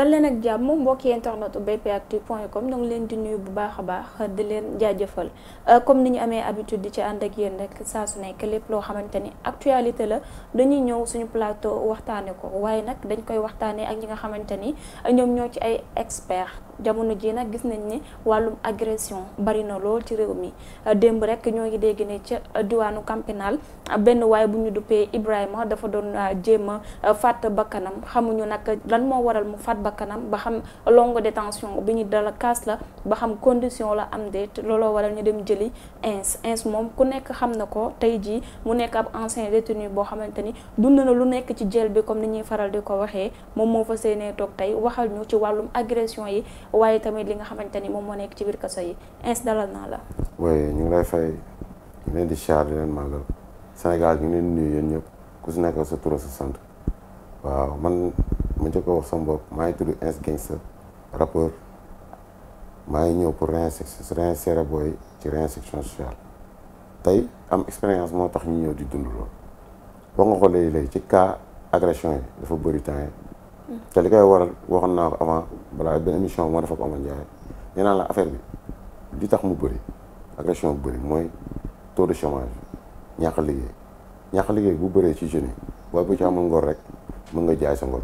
dal leen ak jàmm mbokki internet bpactu.com ñu ngi leen di nuyu bu baax a baax di leen jaajëfal euh, comme ni ñu amee habitude di ci ànd ak yéen rek saa su nekk lépp loo xamante ni actualité la dañuy ñëw suñu plateau waxtaane ko waaye nag dañ koy waxtaanee ak ñi nga xamante ni ñoom ñoo ci ay expert jamono ji nag gis nañ ni wàllum agression bari na lool ci réew mi démb rek ñoo ngi dégg ne ca diwaanu campinal benn waaye bu ñu duppee Ibrahima dafa doon jéem a fàtt bakkanam xamuñu nag lan moo waral mu fàtt bakkanam ba xam longue détention bi ñu dala kaas la ba xam condition la am déet looloo waral ñu dem jëli ins ins moom ku nekk xam na ko tey jii mu nekk ab ancien détenu boo xamante ni dund na lu nekk ci jël bi comme ni ñuy faral di ko waxee moom moo fa seenee toog tey waxal ñu ci wàllum agression yi waaye tamit li nga xamante ni moom moo nekk ci wiir kaso yi ins dalal naa la. waaye ñu ngi lay fay ñu leen di char di leen màggal Sénégal ñu ngi sa ma njëkk a wax sama bopp maa ngi tudd Ins rapport rappeur maa ngi ñëw pour réinsérer booy ci réinsertion sociale tey am expérience moo tax ñu ñëw di dund loolu boo nga ko léegi léegi ci cas agression yi dafa bëri temps yi mm-hmm. te li kay waral waxoon naa ko avant balaa benn émission moo dafa def ak Omar Ndiaye la affaire bi li tax mu bëri agression bu bëri mooy taux de chômage ñàkk liggéey ñàkk liggéey bu bëree ci jeunes yi booy bu ci amul ngor rek mën nga jaay sa ngor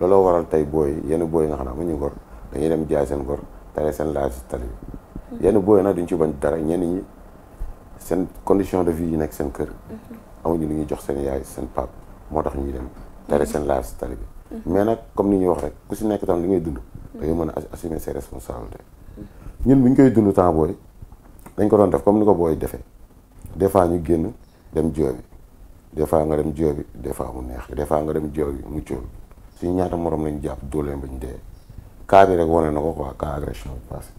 looloo waral tey booy yenn booy nga xam ne amuñu ngor dañuy dem jaay seen ngor tare seen laaj si tali bi yenn booy nag duñ ci bañ dara ñenn ñi seen condition de vie yi nekk seen kër amuñu li ñuy jox seen yaay seen pap moo tax ñuy dem tare seen laaj si tali bi mais nag comme ni ñuy wax rek ku si nekk tam li ngay dund da ngay mën a assumer ses responsabilités ñun bu ñu koy dund temps booy dañ ko doon def comme ni ko booy defee des fois ñu génn dem joobi des fois nga dem joobi des fois mu neex des fois nga dem joobi mu cóol si ñaata moroom lañu jàpp dooleem ba ñu dee cas bi rek wane na ko quoi cas agression bi passé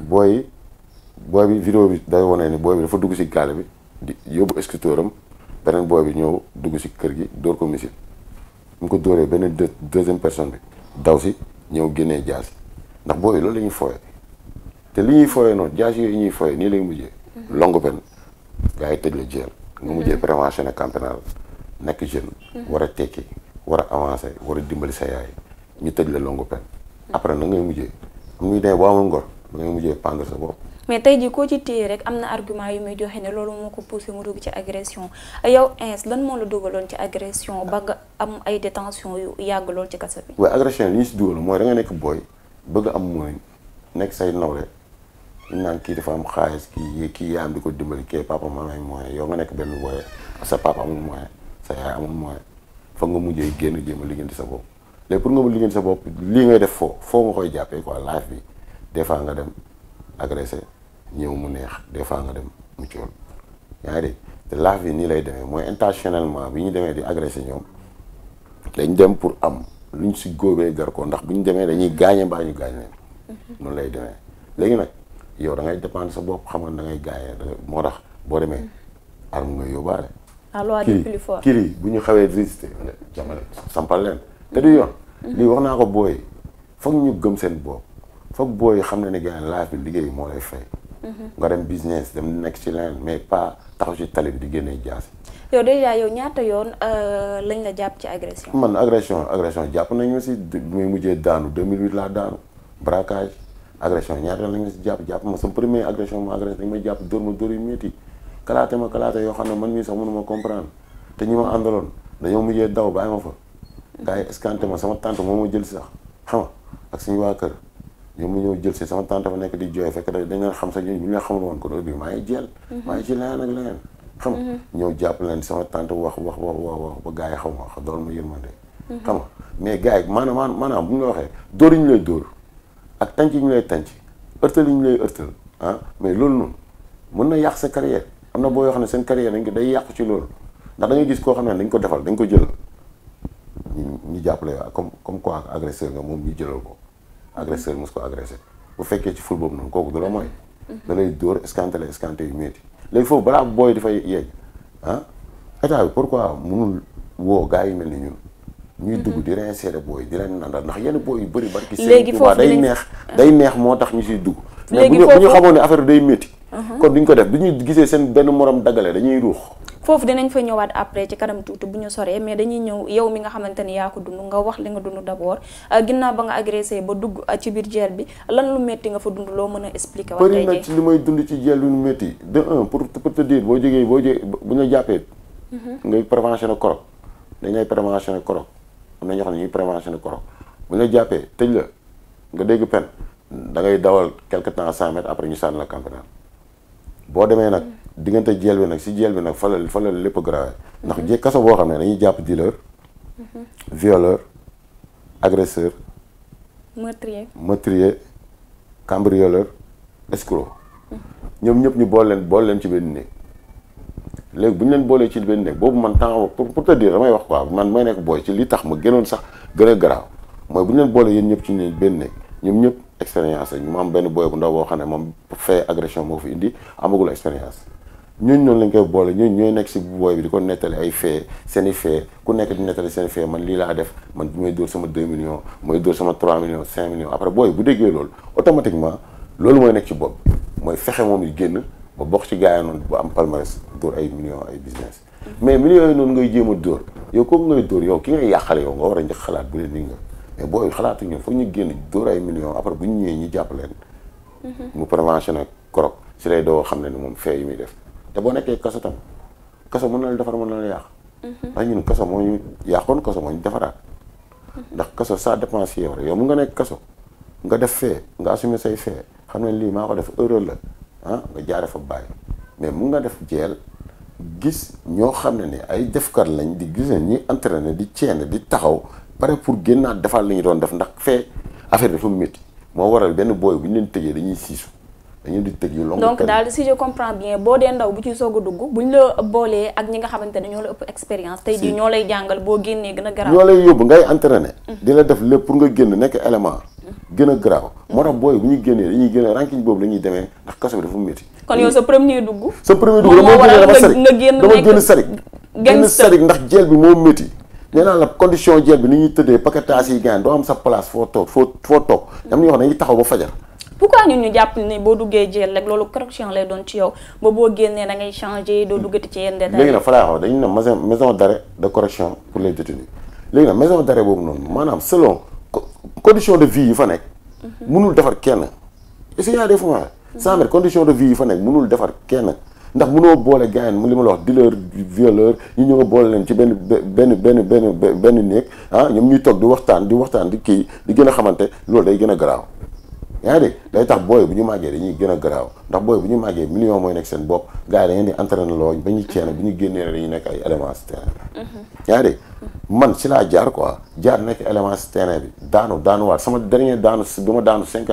booy booy bi vidéo bi day wane ni booy bi dafa dugg si gaale bi di yóbbu escritoire am beneen booy bi ñëw dugg si kër gi dóor ko misil mu ko dóoree beneen deuxième personne bi daw si ñëw génnee jaasi ndax booy loolu la ñuy fooye te li ñuy fooye noonu jaasi yooyu ñuy fooye nii lay mujjee longue peine gars yi tëj la jeel nga mujjee prévention ne camp pénal nekk jeune war a war a avancer war a dimbali sa yaay ñu tëj la longue peine après na ngay mujjee am ñuy demee boo amul ngor na ngay sa bopp. mais tey jii koo ci téye rek am na argument yu muy joxe ne loolu moo ko poussé mu dugg ci agression yow ins lan moo la dugaloon ci agression ba nga am ay détention yu yàgg ci kaso bi. li ñu si dugal mooy da nga nekk booy bëgg am nekk say nawle ñu naan kii am xaalis kii kii yaa di ko dimbali kii papa ma may moyen yow nga nekk benn booy sa papa amul moyen sa yaay amul moyen. fa nga mujjee génn jéem a liggéeyal sa bopp léegi pour nga mu liggéeyal sa bopp lii ngay def foo koy jàppee quoi life bi des fois nga dem agressé ñëw mu neex des fois nga dem mu cool yaa ngi nii lay demee mooy intentionnellement bi ñu demee di agressé ñoom dañ dem pour am luñ si góobee gar ko ndax bu ñu demee dañuy gaañe mbaa ñu gaañ mhm. noonu lay demee léegi nag yow da ngay dépendre sa bopp xam nga dangay ngay moo tax boo demee mhm. arme nga yóbbaale à loi du kii kii bu ñu xawee résister jamono sampal leen te du yoon. Mm-hmm. lii wax naa ko booy foog ñu gëm seen bopp foog booy xam ne ne gars yi laaj bi liggéey moo lay fay. Mm-hmm. nga dem business dem nekk ci leneen mais pas taxaw ci tali bi di génnee jaasi. si déjà yow ñaata yoon euh, lañ la jàpp ci agression. man agression agression jàpp nañu ma si bi muy mujjee daanu 2008 laa daanu braquage agression ñaata lañ ma si jàpp jàpp ma sama premier agression ma agressé dañ ma jàpp dóor ma dóor yu métti. kalaate ma kalaate yoo xam ne man mii sax mënuma comprendre te ñi ma àndaloon dañoo mujjee daw bàyyi ma fa gars yi escanté ma sama tante moom ma jël si sax xam nga ak suñu waa kër ñoom mu ñëw jël si sama tante fa nekk di jooy fekk dañ leen xam sax ñu leen xamul woon kon heure bii maa ngi jël xam nga mhm. jàpp leen sama tante wax wax wax wax wax ba gars yi xaw ma dool ma yërmande mhm. xam nga mais gars yi maanaam maanaam bu ñu la waxee dóor yi ñu lay dóor ak tànc yi ñu lay tànc ërtal yi ñu lay ërtal ah mais loolu noonu mën na yàq sa am na boo yoo xam ne seen carrière dañ ko day yàqu ci loolu ndax da ngay gis koo xam ne dañ ko defal dañ ko jël ñu jàppale comme comme quoi agresseur nga moom ñu jëlal ko agresseur mos ko agressé bu fekkee ci ful boobu noonu kooku du la mooy. da lay dóor escanté la escanté yu métti léegi foofu balaa booy dafay yegg ah état bi pourquoi mënul woo gars yi mel ni ñun. ñuy dugg di réinsérer booy di leen nandal ndax yenn booy yu bëri barki. léegi foofu day neex day neex moo tax ñu siy dugg. léegi foofu mais bu ñu xamoon ne affaire day métti. Uh-huh. kon duñ ko def bu ñu gisee seen benn moroom daggale dañuy ruux. foofu dinañ fa ñëwaat après ci kanam tuuti bu ñu soree mais dañuy ñëw yow mi nga xamante ni yaa ko dund nga wax li nga dund d'abord euh, ginnaaw ba nga agressé ba dugg euh, ci biir jeel bi lan lu métti nga fa dund loo mën a expliquer. wax bëri na ci may dund ci jeel lu métti de un pour pour te dire boo jógee boo jógee bu ñu jàppee. Uh-huh. ngay prévention korok dañ lay prévention korok am na ñox xam ñuy prévention korok bu ñu jàppee tëj la nga dégg pen da ngay dawal quelque temps cent mètres après ñu sànni la camp pénal boo demee nag diggante jeel bi nag si jeel bi nag falal falal lépp grave ndax jé kaso boo xam ne dañuy jàpp dealer violeur agresseur meurtrier meurtrier cambrioleur escroc ñoom ñëpp ñu bool leen bool leen ci benn néeg léegi bu ñu leen boolee ci benn néeg boobu man temps pour pour te damay wax quoi man may nekk booy ci li tax ma gënoon sax gën a garaaw mooy bu ñu leen boolee yéen ñëpp ci benn néeg ñoom ñëpp expérience rek mu am benn boy bu ndaw boo xam ne moom fee agression moo fi indi amagul expérience ñooñu noonu lañ koy boole ñu ñooy nekk si booy bi di ko nettali ay fee seeni fee ku nekk di nettali seen fee man lii laa def man mooy dóor sama 2 millions mooy dóor sama 3 millions 5 millions après booy bu déggee loolu automatiquement loolu mooy nekk ci bopp mooy fexe moom di génn ba bokk ci gaa yi noonu ba am palmarès dóor ay millions ay business mais millions yooyu noonu ngay jéem a dóor yow comme ngay a njëkk xalaat bu leen nii nga mais booy xalaatuñu foog ñu génn dóor ay million après bu ñu ñëwee ñu jàpp mu mu préventionné korok si lay doo xam ne ni moom fee yi muy def te boo nekkee kaso tam kaso mën na la defar mën na la yàq. Mhm. ndax ñun kaso moo ñu yàqoon kaso moo ñu defaraat. Mhm. ndax kaso ça dépend si yow rek nga nekk kaso nga def fee nga assumer say fee xam ne lii maa ko def erreur la ah nga jaare fa bàyyi mais mun nga def jeel gis ñoo xam ne ni ay defkat lañ di gis ne entre ne di ceene di taxaw pare pour génnaat defaat li ñu doon def ndax fee affaire dafa métti moo waral benn booy bu ñu leen tëjee dañuy siisu dañuy di tëj yu long donc daal boo dee ndaw bu ci soog a dugg bu nga xamante ne ñoo la ëpp tey jii ñoo lay jàngal boo génnee gën a garaaw ñoo lay yóbbu ngay entraîné mm. di la def génn nekk élément mm. gën a garaaw mm. moo tax booy bu ñuy génnee dañuy génne ranking boobu la ñuy demee ndax kaso bi dafa métti kon yow sa premier dugg sa sarik génn sarik ndax jeel bi moo métti nee naa la condition jël bi ni ñuy tëddee paquetage yi gaan doo am sa place foo toog foo foo toog am na ñoo taxaw ba fajar pourquoi ñu jàpp ni boo duggee jël rek loolu correction lay doon ci yow ba boo génnee da ngay changé doo hmm. duggati ci yenn détails léegi nag fa laa xaw dañu ne maison maison d'arrêt de correction pour les détenus léegi nag maison d'arrêt boobu noonu maanaam selon condition de vie yi fa nekk mënul hmm. defar kenn est-ce que y a des fois hmm. cent condition de vie yi fa nekk mënul defar kenn ndax mënoo boole gaayen mu li ma la wax dealer violeur ñu ñëw boole leen ci benn benn benn benn benn néeg ah ñoom ñuy toog di waxtaan di waxtaan di kii di gën a xamante loolu day gën a garaaw yaa ngi dégg day tax booy bu ñu màggee dañuy gën a garaaw ndax booy bu ñu màggee million mooy nekk seen bopp gars yi da di entraîné loo ba ñu ceene bu ñu génnee dañuy nekk ay éléments si terrain mm-hmm. yaa ngi man si laa jaar ko jaar nekk élément si terrain bi daanu daanuwaat sama dernier daanu bi ma daanu cinq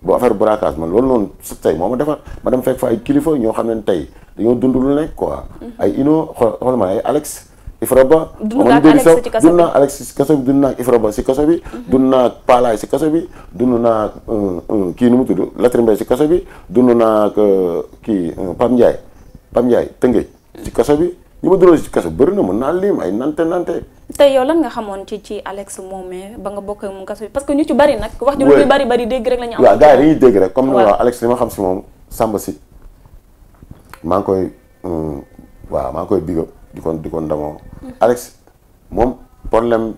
bu affaire braquage man loolu noonu sa tey moo ma defar ma dem fekk fa ay kilifa ñoo xam ne tey dañoo dund lu nekk quoi. Mm-hmm. ay Ino xool ma ay Alex. Ifra Ba dund naa Alex ci kaso bi Alex ci kaso bi dund naa Ifra Ba mm-hmm. ci kaso bi. dund naa Paalaay euh, euh, ci kaso bi dund naa euh, kii nu mu tudd Latri Mbaye ci bi dund naa kii Pam Ndiaye Pam Ndiaye Tëngéej ci kaso bi ñu ma dundoo ci kaso bëri na mën naa lim ay nante nante. tey yow lan nga xamoon ci ci Alex Momé ba nga bokk mu kaso bi parce que ñu ci bari nag. wax ju lu bari bari dégg rek la ñu am. waaw gars yi dañuy dégg rek comme ni si maa ngi koy mm, waaw maa ngi koy bigab di ko di ko ndamoo. Mm-hmm. Alex moom problème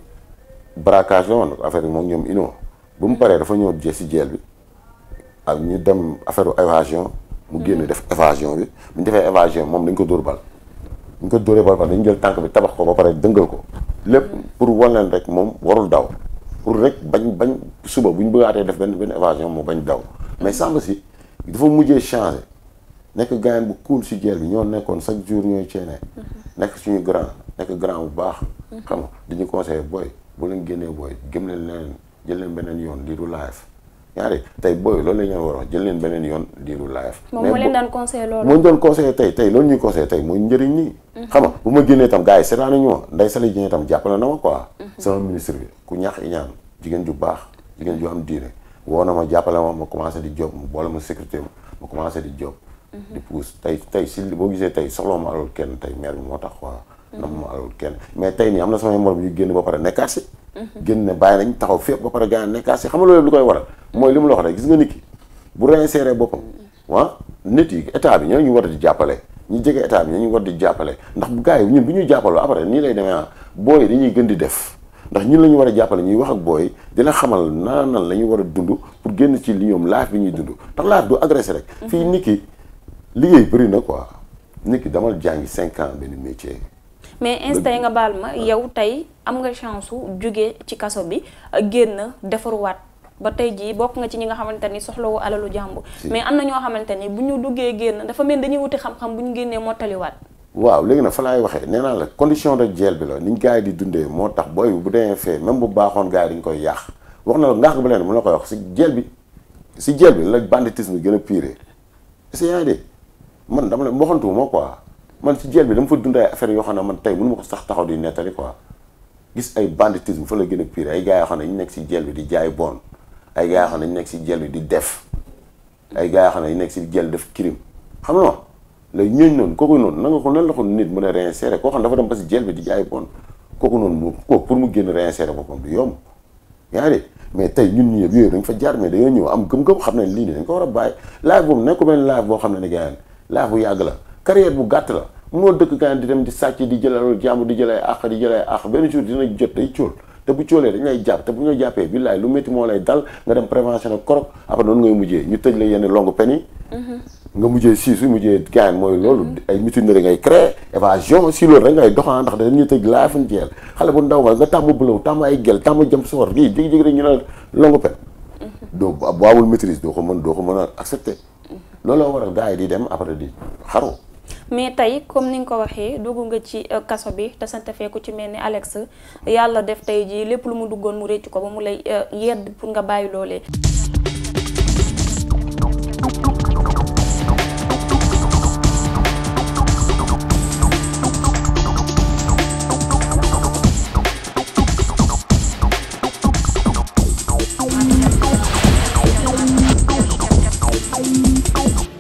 braquage la woon affaire bi moom ñoom ino bu mu paree dafa ñëw jé si jeel bi ak ñu dem affaire évasion mu génn mm-hmm. def évasion bi bu ñu defee évasion moom dañ ko dóor bal. bu ñu ko dóoree bal bal jël tànk bi tabax ko ba pare dëngal ko. lépp pour wan rek moom warul daw pour rek bañ bañ suba bu ñu bëggaatee def benn benn évasion mu bañ daw mais Samba si dafa mujjee changé nekk gaayan bu cool si jeel bi ñoo nekkoon chaque jour ñooy ceenee nekk suñu grand nekk grand bu baax xam nga diñu conseillé booy bu leen génnee booy gëm leen leneen jël leen beneen yoon lii du yaa tey booy loolu la ñu war jël leen beneen yoon diiru live. moom moo leen daan conseillé loolu. moo ñu doon conseillé tey tey loolu ñuy conseillé tey mooy njëriñ nii. Mhm. xam nga bu ma génnee itam gars yi seetaan nañu ma nday Sali Dieng itam jàppale na ma quoi. Mhm. sama ministre bi ku ñaax i ñaan ju baax jigéen ju am diine woo na ma jàppale ma ma commencé di job mu boole ma sécurité ma commencé di job mhm. di pousse tey si boo gisee tey soxla ma alal kenn tey maire moo tax quoi. na ma alal kenn mais tey nii am na samay morom yu génn ba pare nekkaat si. génn ne bàyyi nañ taxaw fépp ba pare gars yi nekkaat si xam nga loolu lu koy waral mooy li mu la wax rek gis nga nit ki bu seeree boppam waa nit yi état bi ñoo ñu war di jàppale ñu jege état bi ñu war di jàppale ndax bu gars yi ñun bu ñuy jàppaloo après nii lay demee ah booy dañuy gën di def ndax ñun la ñu war a jàppale ñuy wax ak booy dina xamal nan nan la ñu war a dundu pour génn ci li ñoom laaf bi ñuy dund ndax laaf du agressé rek. Mhm. fii nikki liggéey bëri na quoi nit ki damal jàngi cinq ans benn métier. mais instant nga baal ma ah. yow tey am nga chance su jugee ci kaso bi génn defaruwaat. ba tey jii bokk nga ci ñi nga xamante ni soxlawu alalu jàmbur mais am na ñoo xamante ni bu ñu duggee génn dafa mel dañuy wuti xam-xam bu ñu génnee moo waaw léegi nag fa waxee nee naa la condition de jeel bi la niñ di dundee tax booy bu demee fee bu baaxoon gars dañ koy yàq wax na la ngaax ba leen koy wax si jeel bi si jeel bi la banditisme gën a pire si man dama la waxantu moo quoi man si jeel bi dama fa dund ay yoo xam ne man tey mun ma ko sax taxaw di nettali quoi gis ay banditisme fa la gën a pire ay gars yoo xam ne ñu nekk si jeel bi di jaay bon ay gars yoo xam ne ñu nekk si jël di def ay gaa yoo xam ne ñu nekk si jël def crime xam nga la ñooñ noonu kooku noonu na ko nan la ko nit mën a réinsérer koo xam dafa dem ba si jël bi di jaay bon kooku noonu moom kooku pour mu génn réinsérer boppam du yomb yaa ngi mais tey ñun ñëpp yooyu dañ fa jaar mais dañoo ñëw am gëm-gëm xam ne lii nii dañ war a bàyyi live boobu nekk ko benn live boo xam ne ne gars yi live bu yàgg la carrière bu gàtt la moo dëkk gars di dem di sàcc di jël alal di jël ay di jël ay àq benn dina jot day cóol te bu coolee dañ ngay jàpp te bu ñu jàppee billaay lu métti moo lay dal nga dem prévention nag korok après noonu ngay mujjee ñu tëj la yenn longue peine mm-hmm. nga mujjee siisu mujjee gaan mooy loolu mm-hmm. ay mutinerie ngay créé évasion si loolu rek ngay doxaan ah ndax dañuy tëj laa fan jeel xale bu ndaw nga nga tàmm bëlaw tàmm ay gel tàmm jëm soor lii jégi-jégi rek ñu ne longue peine mm-hmm. doo bu amul maîtrise doo ko mën doo ko mën a accepté looloo a gars yi di dem après di xaru mais tey comme ni nga ko waxee dugg nga ci euh, kaso bi te sante fee ku ci mel ni Alex yàlla def tey ji lépp lu mu duggoon mu réccu ko ba mu lay euh, yedd pour nga bàyyi loolee